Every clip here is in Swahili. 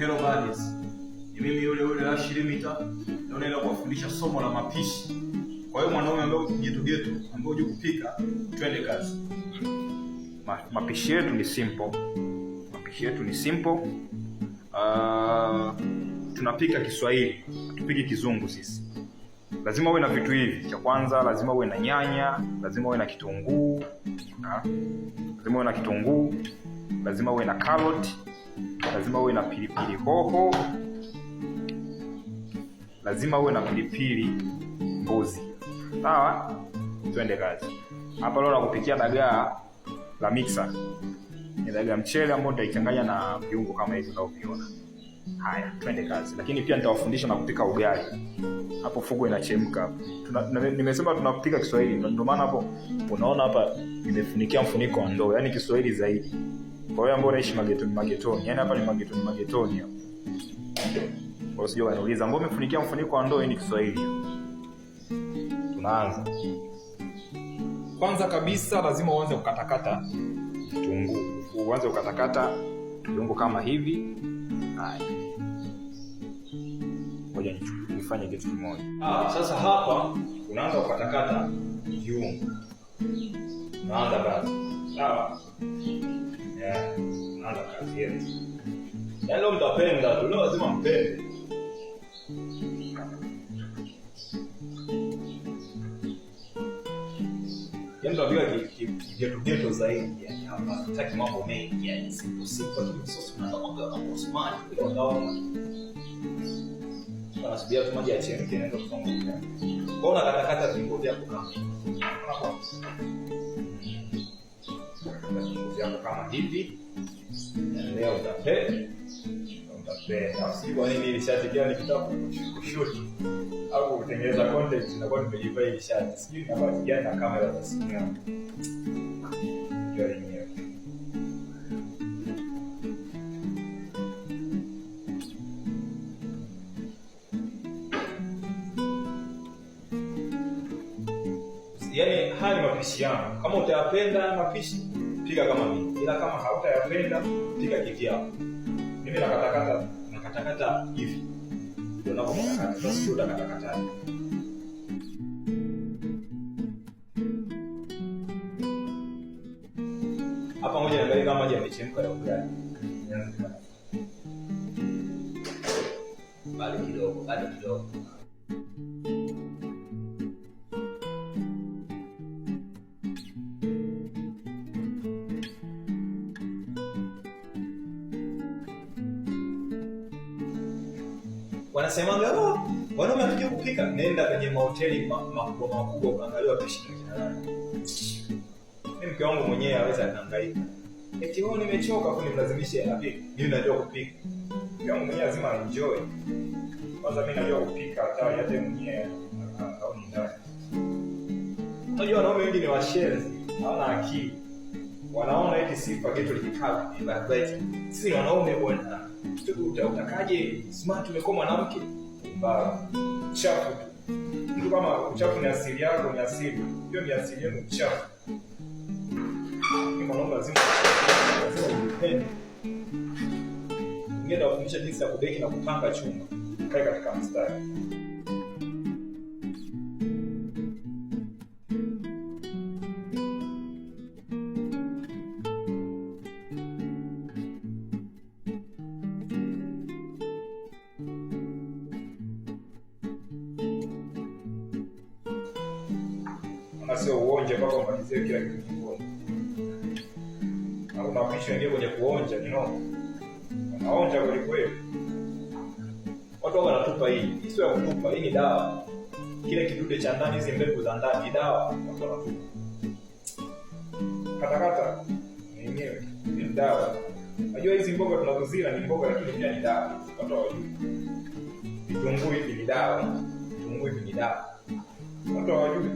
Mkelo Bades. Ni mimi yule yule la Shilimita, na unaenda kuwafundisha somo la mapishi. Kwa hiyo mwanaume ambaye getu getu ambaye unajua kupika, twende kazi. Ma, mapishi yetu ni simple. Mapishi yetu ni simple. Uh, tunapika Kiswahili, tupike kizungu sisi. Lazima uwe na vitu hivi. Cha kwanza lazima uwe na nyanya, lazima uwe na kitunguu. Ah, lazima uwe na kitunguu, lazima uwe na karoti lazima uwe na pilipili hoho, lazima uwe na pilipili mbuzi. Sawa, twende kazi. Hapa leo la kupikia dagaa la mixer ni dagaa mchele ambao nitaichanganya na viungo kama hivi unavyoviona. Haya, twende kazi, lakini pia nitawafundisha na kupika ugali. Hapo fugo inachemka. Nimesema tunapika Kiswahili, ndio maana hapo unaona hapa nimefunikia mfuniko wa ndoo, yaani Kiswahili zaidi. Kwa hiyo ambao unaishi magetoni magetoni, yani hapa ni magetoni magetoni hapo. Kwa usije ukaniuliza mbona umefunikia mfuniko wa ndoo, hii ni Kiswahili. Tunaanza. Kwanza kabisa lazima uanze kukatakata vitunguu Uanze kukatakata viungo kama hivi. moja Ngoja nifanye kitu kimoja. Ah, sasa hapa unaanza kukatakata viungo. Unaanza basi. Sawa kutokana kazi yetu. Yaani leo mtapenda tu, leo lazima mpende. Yaani tutapika kigeto geto zaidi yani hapa, tutaki mambo mengi yani sipo sipo tu sosi na mambo ya mambo Osmani ile wakaona. Kana subia tu maji yachemke naenda kufunguka. Kwa hiyo nakatakata viungo vyako kama. Kama hivi. Leo utapenda utapenda. Sijui kwa nini ile shati gani kitabu kushoot au kutengeneza content na nakuwa nimejivaa ile shati, sijui na baki gani na kamera za simu yangu Yaani haya ni mapishi yangu, kama utayapenda mapishi, pika kama mimi ila kama hautayapenda pika keki yako. Mimi nakatakata nakatakata hivi ndio nakakatakata, sio utakatakata hapa moja, angalia kama maji yamechemka ya ugali yaani, bali kidogo, bali kidogo anasema ndio oh, Wana mtu kupika. Nenda kwenye mahoteli makubwa makubwa kaangalia wapishi na kina nani. Mimi mke wangu mwenyewe aweza anahangaika, eti wewe nimechoka, kwa nimlazimishe apike. Mimi najua kupika, mke wangu mwenyewe lazima enjoy kwanza. Mimi najua kupika, hata ya demu mwenyewe au ni ndani. Unajua wanaume wengi ni washenzi, hawana akili, wanaona eti sifa kitu likikaba ni basi. Sisi wanaume bwana utakaje smart, umekuwa mwanamke chafu Mtu kama uchafu ni asili yako, ni asili hiyo, ni asili yenu chafu. Ningeweza kufundisha jinsi ya kubeki na kupanga chumba, kae katika mstari. watu wanatupa hii isiyo ya kutupa. Hii ni dawa, kile kidude cha ndani, hizi mbegu za ndani ni dawa, watu wanatupa. Katakata yenyewe ni dawa. Najua hizi mboga tunazozila ni mboga, lakini pia ni dawa, watu hawajui. Vitunguu hivi ni dawa, vitunguu hivi ni dawa, watu hawajui.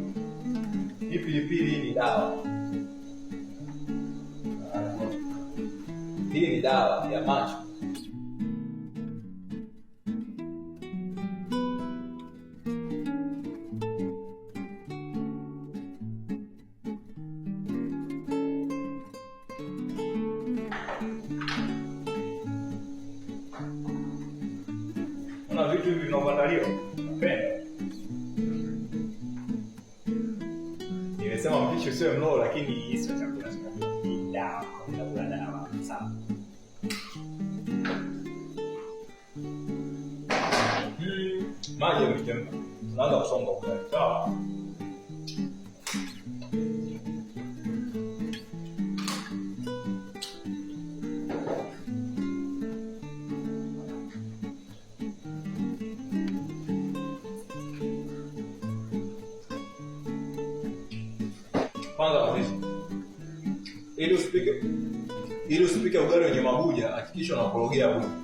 Hii pilipili ni dawa hii ni dawa ya macho. vitu vinavyoandaliwa penda. Nimesema mpishi usiwe mloo, lakini sio chakula ni dawa. Unakula dawa sawa. Hmm. Maji yamechemka, tunaanza kusonga kwa sawa. hakikisha unakorogea buku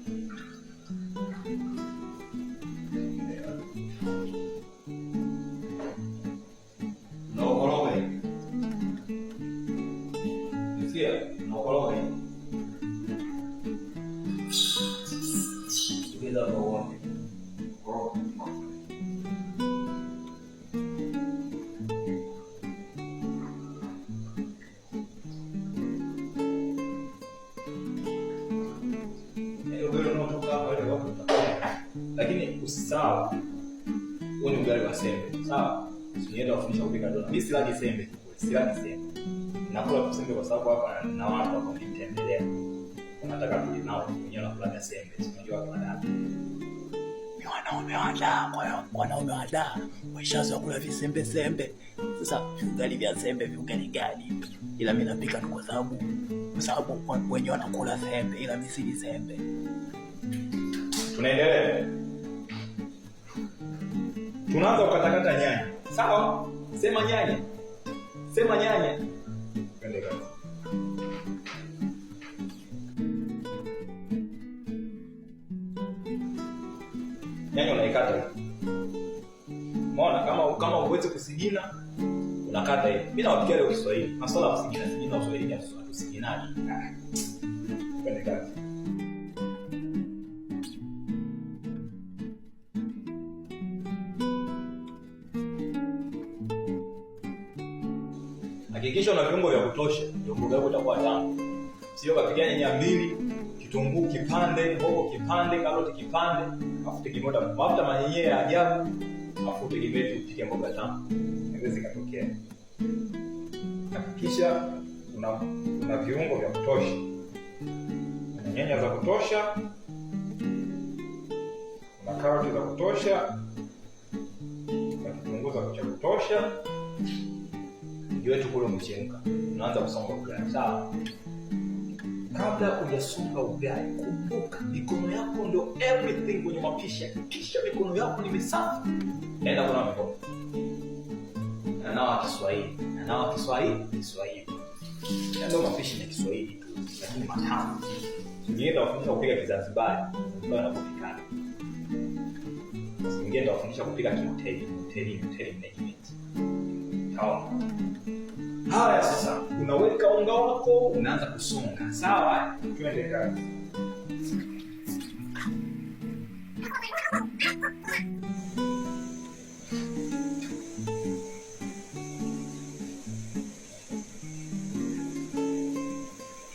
Sawa, huo ni ugali wa sembe. Sawa, usinienda kufundisha kupika dola. Mimi silagi sembe, silagi sembe. Nakula tu kwa sababu hapa na watu wako nitembelea. Nataka wenyewe nakula sembe. Unajua kwa wanaume wadaa, kwa eh. wanaume wadaa waishazo kula visembe Sasa ugali vya sembe viungali Ila mimi napika tu kwa sababu kwa sababu wenyewe wanakula sembe ila mimi si sembe. Tunaendelea tunaanza kukatakata nyanya. Sawa, sema nyanya, sema nyanya. Twende kazi. Nyanya unaikata, umeona? Kama kama uweze kusigina unakata hivi. Mimi nawapikia leo Kiswahili, masuala ya kusigina sigina, Kiswahili hatusiginani Hakikisha una viungo vya kutosha, ndio mboga yako itakuwa tamu. Sio kapiga nyanya mbili, kitunguu kipande, hoho kipande, karoti kipande, mafuta tegemea mafuta manyenye ya ajabu, mafuta tegemea kupika mboga tamu. Inaweza ikatokea. Hakikisha una, una viungo vya kutosha, una nyanya za kutosha, una karoti za kutosha, una kitunguu cha kutosha mji wetu kule umechemka, unaanza kusonga ugali. Sawa, kabla hujasonga ugali, kumbuka mikono yako ndio everything kwenye mapisha. Kisha mikono yako ni misafi, naenda kuna mikono na nawa Kiswahili na nawa Kiswahili Kiswahili, ndio mapishi ya Kiswahili tu, lakini matamu Mwingine tawafundisha kupika Kizanzibari ambayo anapofikana, mwingine tawafundisha kupika kihoteli, hoteli, hoteli management. 啊，是是，那我得干干了，可？那咋不爽呢？啥玩意？准备点干。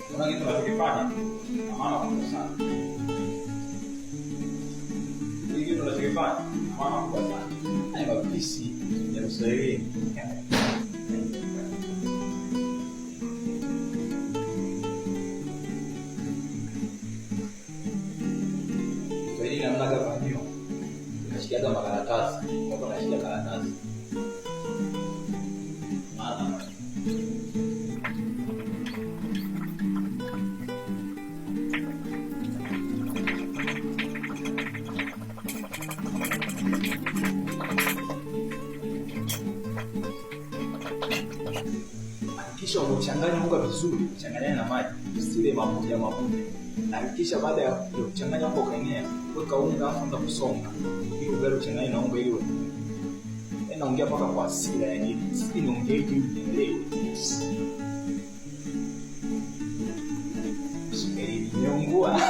我那里头来几个八斤，拿完了，不是啊？你那里头来几个半，拿完了，不是啊？还有个皮鞋，你们谁？jaga makaratasi, mtu anashika karatasi Kisha baada ya kuchanganya unga ukaenea, weka unga afu anza kusonga ili ugali uchanganye na unga ile. Naongea mpaka kwa hasira yani, sisi niongee hivi nielewe. Sukari imeungua.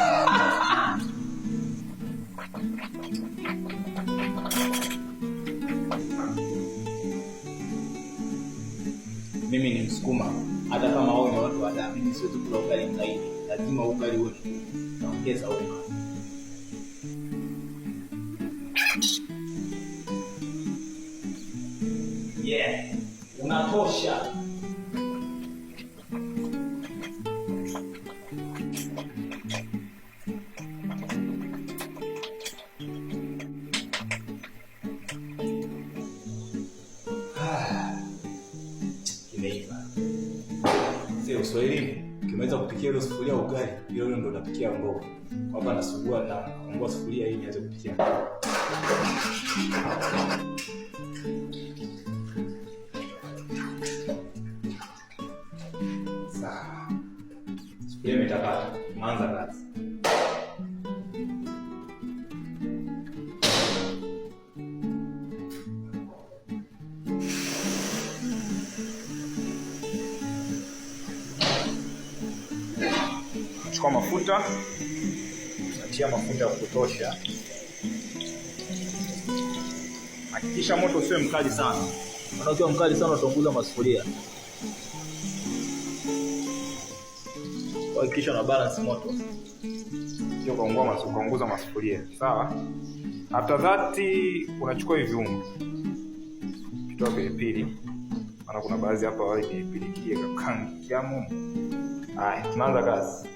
Mimi ni Msukuma, hata kama wao ni watu wa damu, mimi siwezi kula ugali mlaini. lazima ukali uwe utaongeza uma yeah, unatosha mafuta, natia mafuta ya kutosha. Hakikisha moto usiwe mkali sana, maana ukiwa mkali sana utaunguza masufuria. Hakikisha una balance moto, sio ukaunguza masufuria. Sawa. After that unachukua hivi viungo, kitoa pilipili, maana kuna baadhi hapa wale pilipili kile kakangi jamu. Haya, tunaanza kazi.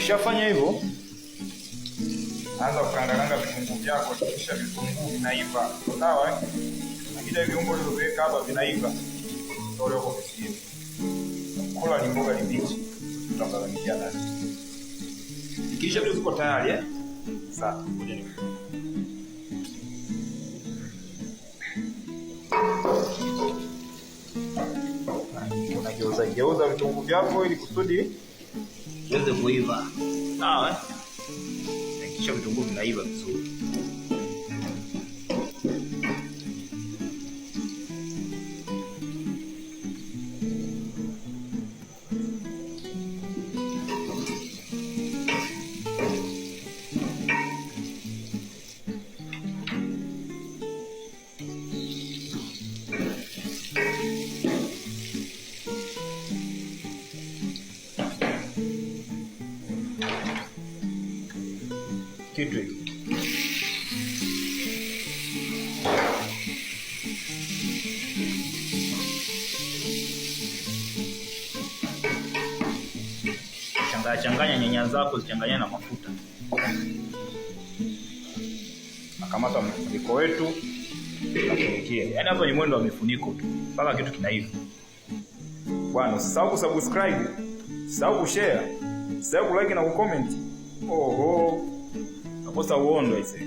Ukishafanya hivyo, anza kukandakanda vitunguu vyako, kisha vitunguu vinaiva, sawa. eh? Akija viungo ulivyoweka hapa vinaiva, tolea kwa kisima. Kula ni mboga ni mbichi, tutaangazia ndani. Kisha vitu viko tayari eh, sasa ngoja ni unageuza geuza vitunguu vyako ili kusudi 就是不一样，啊，小兵同学不一样，走。changanya nyanya zako, zichanganya na mafuta. Nakamata mfuniko wetu nakunikia, yaani hapo ni mwendo wa mifuniko tu mpaka kitu kinaiva. Bwana, usisahau kusubscribe, usisahau kushare, usisahau kulike na kucomment. Oho, nakosa uondo ise.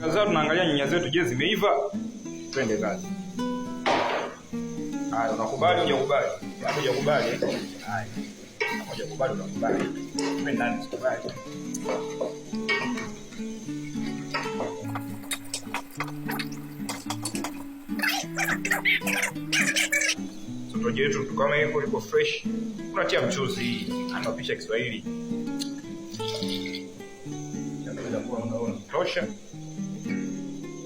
Sasa tunaangalia nyanya zetu, je, zimeiva? Twende kazi. Haya, unakubali hujakubali? Hapo yaani hujakubali. Eh? Haya. Hujakubali unakubali. Mimi nani sikubali. Sotoji yetu kama hivyo liko fresh. Unatia mchuzi, anapisha Kiswahili. Chakula kwa unaona. Tosha.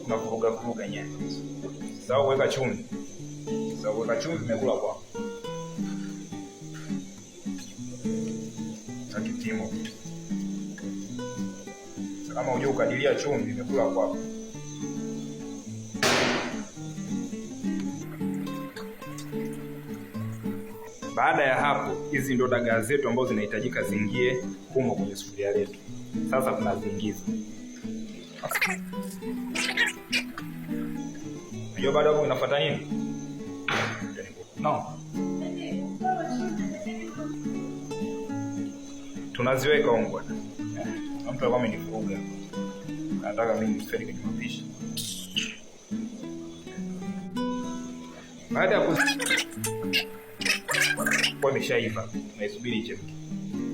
Unavuruga vuruga nyanya. Sasa uweka chumvi. Sasa uweka chumvi, umekula kwa. kipimo. Kama hujua ukadilia chumvi, imekula kwako. Baada ya hapo, hizi ndo dagaa zetu ambazo zinahitajika zingie humo kwenye sufuria letu. Sasa tunaziingiza. Unajua baada hapo inafuata nini? No. tunaziweka huko bwana. Eh, mtu alikuwa amenifuga. Nataka mimi nisifeli kwenye mapishi. Baada ya ku kwa imeshaiva, naisubiri ichemke.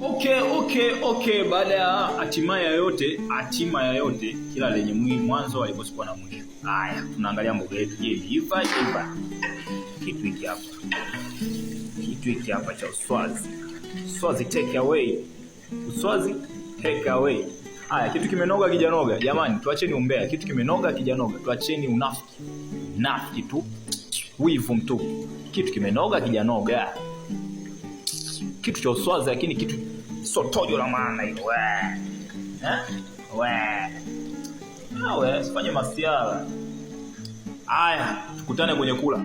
Okay, okay, okay. Baada ya hatima ya yote, hatima ya yote, kila lenye mwi mwanzo alipokuwa na mwisho. Haya, tunaangalia mboga yetu. Je, iva iva? Kitu hiki hapa. Kitu hiki hapa cha uswazi Swazi take away. Uswazi take away. Haya, kitu kimenoga kijanoga. Jamani, tuacheni umbea. Kitu kimenoga kijanoga. Tuacheni unafiki. Nafiki tu. Wivu mtupu. Kitu kimenoga kijanoga. Kitu cha uswazi lakini kitu sotojo la maana hilo. Nawe eh? ah, sifanye masiara. Haya, tukutane kwenye kula.